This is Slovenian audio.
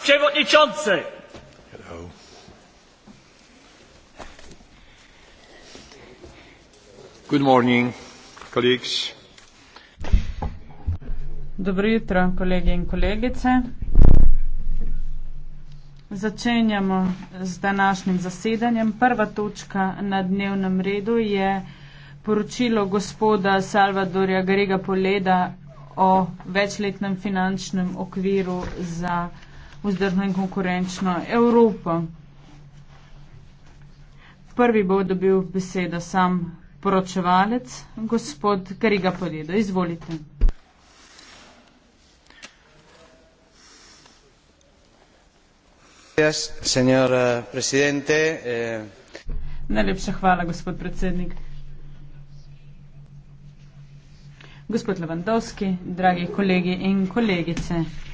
przewodniczący! Hello. Good morning, colleagues. Dobro jutro, kolegi in kolegice. Začenjamo z današnjim zasedanjem. Prva točka na dnevnem redu je poročilo gospoda Salvadorja Grega Poleda o večletnem finančnem okviru za vzdržno in konkurenčno Evropo. Prvi bo dobil besedo sam poročevalec, gospod Kariga Poljedo. Izvolite. Eh, eh. Najlepša hvala, gospod predsednik. Gospod Levandovski, dragi kolegi in kolegice.